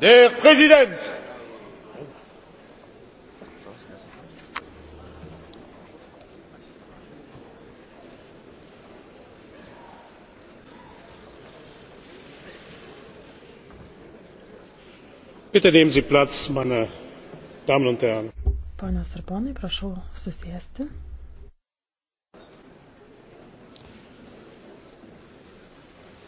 Der Präsident! Bitte nehmen Sie Platz, meine Damen und Herren. Ponas ir ponai, prašau susėsti.